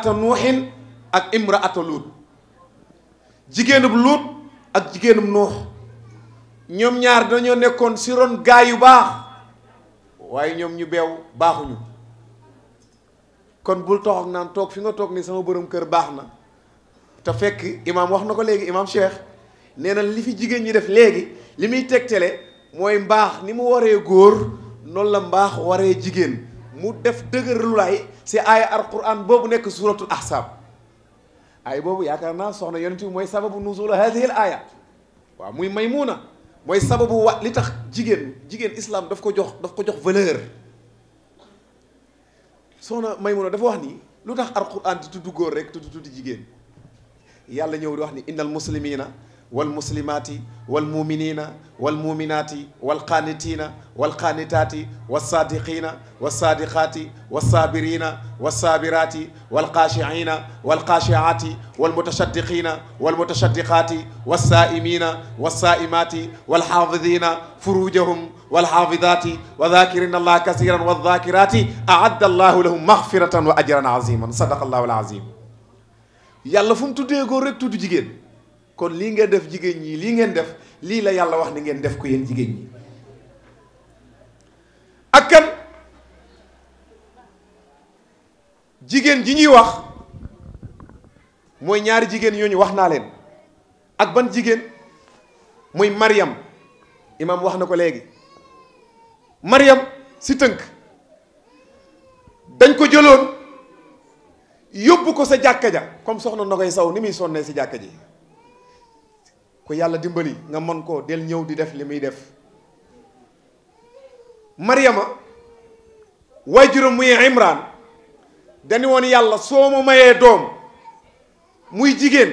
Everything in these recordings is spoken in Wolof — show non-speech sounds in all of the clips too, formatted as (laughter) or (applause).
imraata nuuxin ak imraata luut jigéenub luut ak jigéenub nuux ñoom ñaar dañoo nekkoon si ron gaay yu baax waaye ñoom ñu beew baaxuñu kon bul toxoog naan toog fi nga toog ni sama borom kër baax na te fekk imaam wax na ko léegi imaam Cheikh nee na li fi jigéen ñi def léegi li muy tegtale mooy mbaax ni mu waree góor noonu la mbaax waree jigéen mu def dëgërlulaay si aaya alquran boobu nekk suratul ahsaab aaya boobu yaakaar naa soxna yonent mooy sababu nuzul hadihi al aaya waaw muy maymuna mooy sababu wax li tax jigéen jigéen islaam daf ko jox daf ko jox valeur soxna maymuna dafa wax ni lu tax alquran di tudd góor rek ti tudd jigéen yàlla ñëw di wax ni innal muslimina والمسلمات والمؤمنين والمؤمنات والقانتين والقانتات والصادقين والصادقات والصابرين والصابرات والقاشعين والقاشعات والمتشدقين والمتشدقات والسائمين والصائمات والحافظين فروجهم والحافظات وذاكرين الله كثيرا والذاكرات أعد الله لهم مغفرة وأجرا عظيما صدق الله العظيم يلا فهمتوا تودي ريك تودو جيجين kon lii ngeen def jigéen ñi lii ngeen def lii la yàlla wax ni ngeen def ko yéen jigéen ñi ak kan jigéen ji ñuy wax mooy ñaari jigéen yooñu wax naa leen ak ban jigéen mooy Mariam imam wax na ko léegi Mariam si tënk dañ ko jëloon yóbbu ko sa jàkka ja comme soxna na koy saw ni muy sonnee si jàkka ji ku yàlla dimbali nga mën koo del ñëw di def li muy def Mariama waajuram muy Imran dañu woon yàlla soo ma mayee doom muy jigéen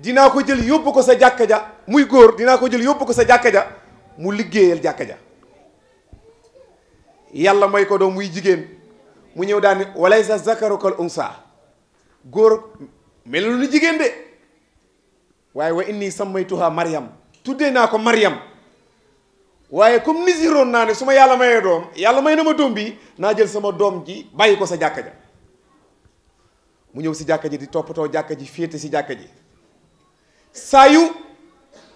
dinaa ko jël yóbbu ko sa jàkka ja muy góor dinaa ko jël yóbbu ko sa jàkka ja mu liggéeyal jàkka ja yàlla may ko doom muy jigéen mu ñëw daani walaysa zakaru kal unsa góor melul ni jigéen de waye wa inni samaytuha Maryam tudde naa ko Maryam waye kum nisiroon naa suma yàlla maye dom yàlla may na ma dom bi na jël sama dom ji bayiko sa jàkka ja mu ñëw ci jàkka ji di topato jàkka ji féete ci jàkka ji sayu yu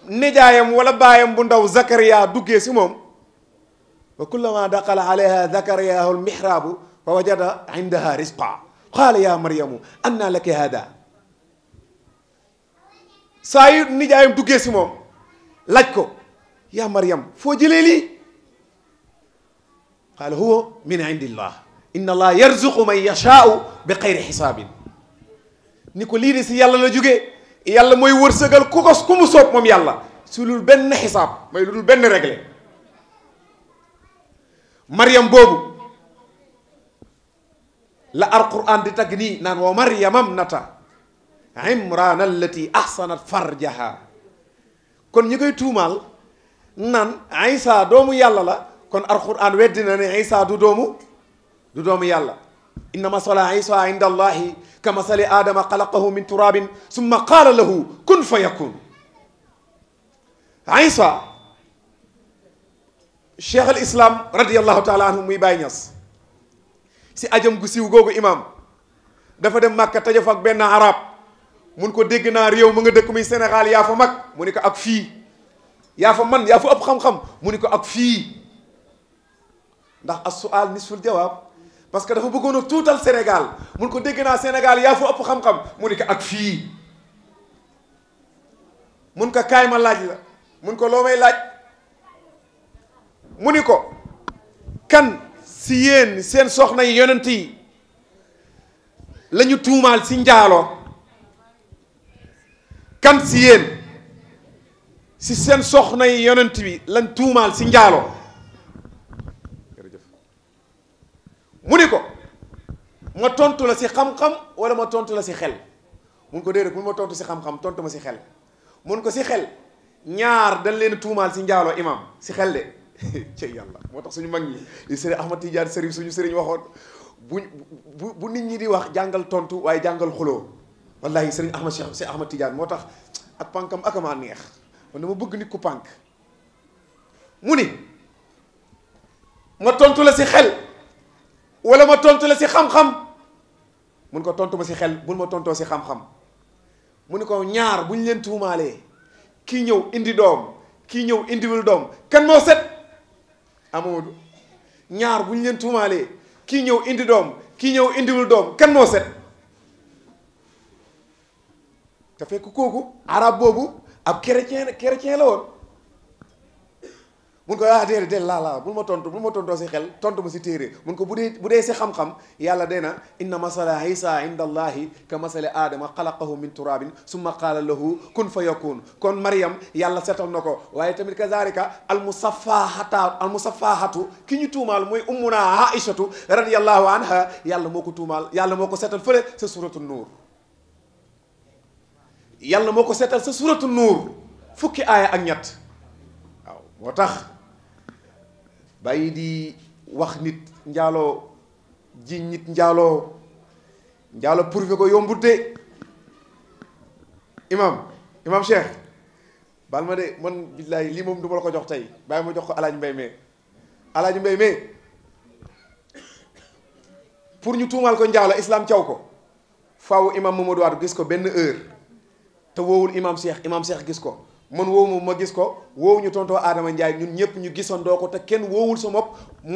nijaayam wala bayam bu ndaw Zakaria duggé ci mom wa kullama daqala alayha Zakariyahu almihraabu fa wajada indaha rizqa qala ya maryam anna laki hada saa yu nijaayam duggee si moom laaj ko yaa Maryam foo jëlee lii qaala huwa min indillah inna allah yarzuqu man yashaau bi xayri xisaabin ni ko lii de si yàlla la jógee yàlla mooy wërsëgal ku ko ku mu soob moom yàlla si lul benn xisaab mooy lu dul benn réglé Maryam boobu la alquran di tagg nii naan wa Maryamam nata عمران التي أحسنت فرجها كون نيكاي تومال نان عيسى دومو يالا لا كون القران ودينا ني عيسى دو دومو دو دومو يالا انما صلى عيسى عند الله كمثل ادم خلقه من تراب ثم قال له كن فيكون عيسى شيخ الاسلام رضي الله تعالى عنه مي باي نياس سي اديام غوسيو غوغو امام دا فا دم مكه تاجا فك بن عرب mun ko dégg naa réew ma nga dëkk muy Sénégal yaa fa mag mu ni ko ak fii yaa fa man yaa fa ëpp xam-xam mu ni ko ak fii ndax as su'aal nisful jawaab parce que dafa bëggoon a tuutal Sénégal mun ko dégg naa Sénégal yaa fa ëpp xam-xam mu ni ko ak fii mun ko kaay ma laaj la mun ko loo may laaj mu ni ko kan si yéen seen soxna yi yonent yi la ñu tuumaal si njaalo kan si yéen si seen soxna yi yonent bi lañ tuumaal si njaaloo mu ni ko ma tontu la si xam-xam wala ma tontu la si xel mun ko déedéet mun ma tontu si xam-xam tontu ma si xel mun ko si xel ñaar dañ leen tuumaal si njaaloo imam si xel de (laughs) cey yàlla moo tax suñu mag ñi li sëriñ Ahmad Tidiane sëriñ suñu sëriñ waxoon bu bu nit ñi di wax jàngal tontu waaye jàngal xuloo wallahi sëriñ Ahmad Cheikh Cheikh Ahmad Tidiane moo tax ak pànkam ak ma neex man dama bëgg nit ku pànk mu ni ma tontu la si xel wala ma tontu la si xam-xam ko tontu ma si xel bul ma tontoo si xam mu ni ko ñaar bu ñu leen tuumaalee kii ñëw indi doom kii ñëw indiwul doom kan moo set Amadou ñaar bu leen tuumaalee kii ñëw indi doom kii ñëw indiwul doom kenn moo set te fekk kooku arab boobu ab chrétien chrétien la woon mun ko ah déedéet déedéet laa laa bul ma tontu bul ma tontoo si xel tontu ma si téere mun ko bu dee bu dee si xam-xam yàlla dee na inna masala isa inda allahi ka masali aadama xalaqahu min turabin summa qaala lahu kun fa yakun kon mariam yàlla setal na ko waaye tamit kazalika almusafaahata almusafaahatu ki ñu tuumaal mooy ummuna aishatu radiallahu anha yàlla moo ko tuumaal yàlla moo ko setal fële sa suratu nuur yàlla moo ko seetal sa suratu nuur fukki aaya ak ñett waaw moo tax bàyyi di wax nit njaaloo ji nit njaaloo pour prouvé ko yombut imam imam Cheikh baal ma de man billaay lii moom du ma la ko jox tey bàyyi ma jox ko alaaji mbay mee alaaji mbay mee pour ñu tuumaal ko njaalo islaam caw ko faaw imam Mamadou Wade gis ko benn heure te woowul imam Cheikh imam Cheikh gis ko man woowu ma gis ko woowu ñu tontoo Adama Ndiaye ñun ñëpp ñu gisandoo ko te kenn woowul sa bopp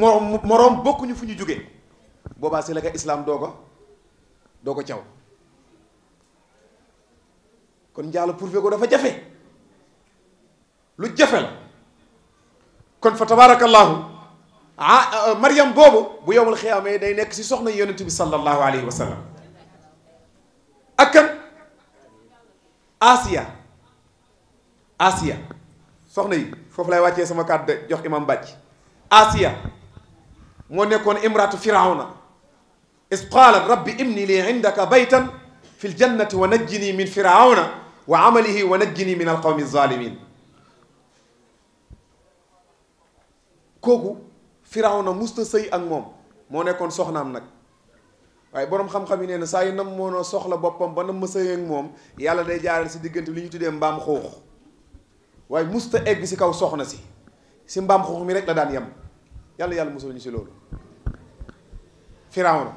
moroom moroom bokkuñu fu ñu jógee boobaa si la ko islaam doo ko doo ko caw kon njaalo prouvé ko dafa jafe lu jafe la kon fa tabaarakallaahu ah boobu bu yowmal xiyaamee day nekk si soxna yonent bi sallallahu alayhi wa آسيا آسيا سخني فوفلاي واتي سما كارد جوخ امام باج آسيا مو نيكون امراه فرعون اذ قال ربي ابني لي عندك بيتا في الجنه ونجني من فرعون وعمله ونجني من القوم الظالمين كوكو فرعون مستسي ان موم مو نيكون سخنام نك waaye borom xam-xam yi nee na saa yu nam moon soxla boppam ba nam ma sëy ak moom yàlla day jaaral si diggante li ñu tuddee mbaam xuux musta egg si kaw soxna si si mbaam xuux mi rek la daan yem yàlla yàlla musul ñu si loolu firawna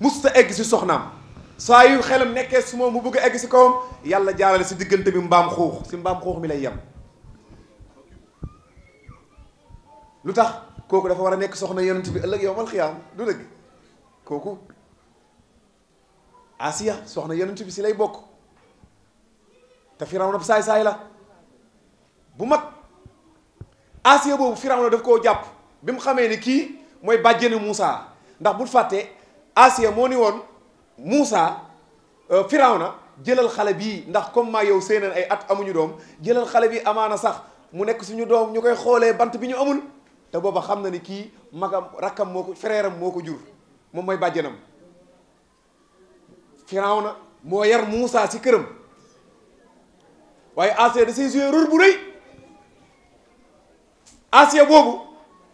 musta egg si soxnaam saa yu xelam nekkee su moom mu bëgg egg si kawam yàlla jaarale si diggante bi mbaam xuux si mbaam xuux mi lay yem lu tax kooku dafa war a nekk soxna yonent bi ëllëg yow mal xiyaam du dëgg kooku Asiya soxna yonent bi bok. lay bokk te Firawna bu saay saay la bu mag Asiya boobu Firawna daf koo jàpp bi mu xamee ni kii mooy bàjjenu Moussa ndax bul fàtte Asiya moo ni jëlal xale bii ndax comme maa yow seeneen ay at amuñu doom jëlal xale bi amaana sax mu nekk suñu doom ñu koy xoolee bant bi ñu amul te booba ni kii magam rakkam moo ko frère am moo na moo yar Moussa si këram waaye Asiya da say joué rôle bu rëy Asiya boobu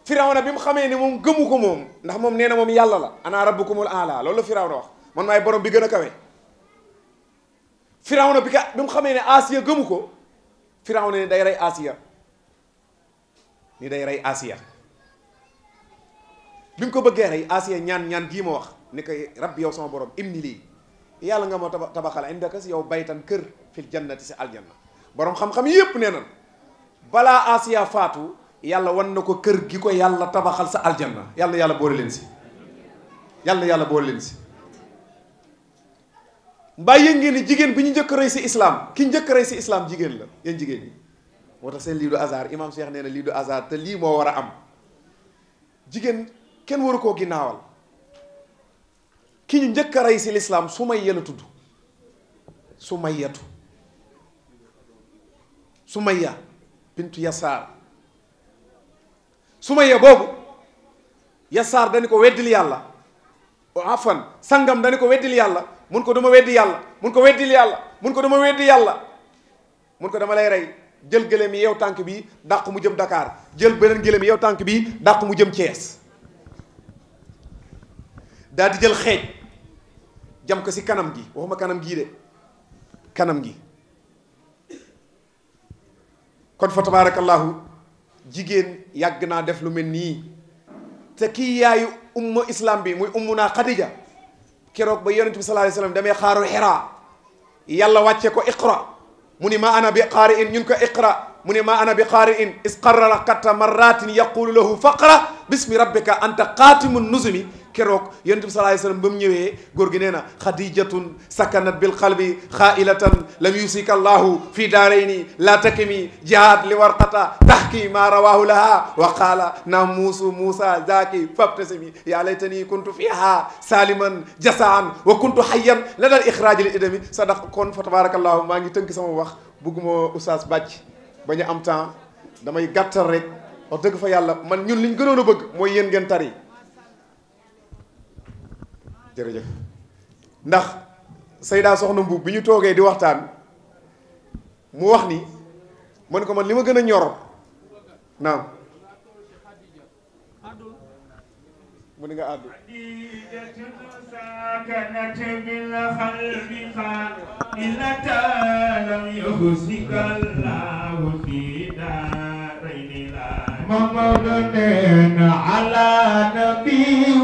Firawna bi mu xamee ne moom gëmu ko moom ndax moom nee na moom yàlla la anaa ana rabbukumul aala loolu la Firawna wax man maay borom bi gën a kawe Firawna bi ka bi mu xamee ne Asiya gëmu ko Firawna ni day rey Asiya ni day rey Asiya bi mu ko bëggee rey Asiya ñaan ñaan gii ma wax ni koy rab yow sama borom im lii yàlla nga ma tabaxal indaka si yow baytan kër fil jannati si aljana boroom xam-xam yépp nee nan balaa Asiya faatu yàlla wan na ko kër gi ko yàlla tabaxal sa aljanna yàlla yàlla boole leen si yàlla yàlla boole leen si mbaa yéen ngeen ni jigéen bi ñu njëkk rey si islaam ki njëkk rey si islaam jigéen la yéen jigéen ñi moo tax seen lii du hasard imam Cheikh nee na lii du hasard te lii moo war a am jigéen kenn waru koo ginnaawal ki ñu njëkk a rey si lislaam Sumayya la tudd Sumayyatu Sumayya bintu Yasaar Sumayya boobu Yasaar dañu ko weddil yàlla oh, afan sangam dañu ko weddil yàlla mun ko dama weddi yàlla mun ko weddil yàlla mun ko dama weddi yàlla mun ko dama lay rey jël gëléem yi yow tànk bi dàq mu jëm Dakar jël beneen gëléem yi yow tànk bi dàq mu jëm cees daal di jël xeej jam ko si kanam gi waxuma kanam gii de kanam gi kon fa tabaarakallaahu jigéen yàgg naa def lu mel nii te kii yaayu umma islam bi muy ummuna Khadija keroog ba yonent bi sallallahu alayhi wasallam damay xaaru Hira yàlla wàcce ko iqra mu ni ma ana bi qaari in ñun ko iqra mu ne ma ana bi qaari in isqarra rakata marratin yaqulu lahu faqra bismi rabbika anta qaatimu nuzumi keroog yonent bi sallallahu alayhi wasallam ba mu ñëwee góor gi nee na sakanat bil qalbi xaailatan lam yusika allahu fi daarayni la takimi jihad li warqata tahki ma rawahu laha wa qaala namuusu muusa zaki fabtasimi ya laytani kuntu fiha saliman jasan wa kuntu hayyan la dal ixraaj li idami sadaq kon fa tabarakallahu maa ngi tënk sama wax bugguma oustaz bàcc ba am temps damay gàttal rek wax dëgg fa yàlla man ñun liñ gënoon bëgg mooy yéen ngeen tari jërëjëf ndax sayda Soxna mbub bi ñu toogee di waxtaan mu wax ni man ko man li ma gën a ñor naam mu nga سكنت بالخلب قائلة لم يخزك الله في دارين لا ممدن على نبي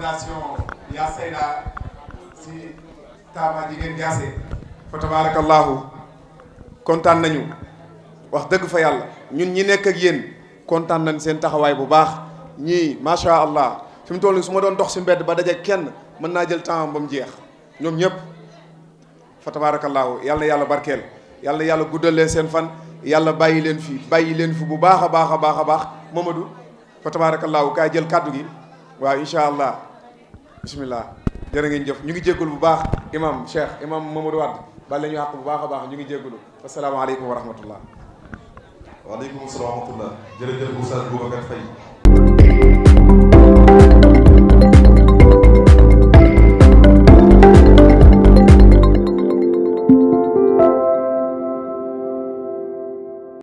fondation Ya Sayda si Tamba Jigéen Jaase fa tabaarakallaahu kontaan nañu wax dëgg fa yàlla ñun ñi nekk ak yéen kontaan nañ seen taxawaay bu baax ñii macha allah fi mu toll su ma doon dox si mbedd ba daje kenn mën naa jël temps ba mu jeex ñoom ñëpp fa tabaarakallaahu yàlla yàlla barkeel yàlla yàlla guddalee seen fan yàlla bàyyi leen fi bàyyi leen fi bu baax a baax a baax a baax Mamadou fa tabaarakallaahu kaay jël kàddu gi waaw incha allah. bisimilah jërë ngeen jëf ñu ngi jéggul bu baax imam cheikh imam mamadou wadd bal la ñu àq bu baax a baax ñu ngi jéggulu asalaamaaleykum wa rahmatullah waaleykum salaam wa rahmatullah jërëjëf Oustaz Boubacar Faye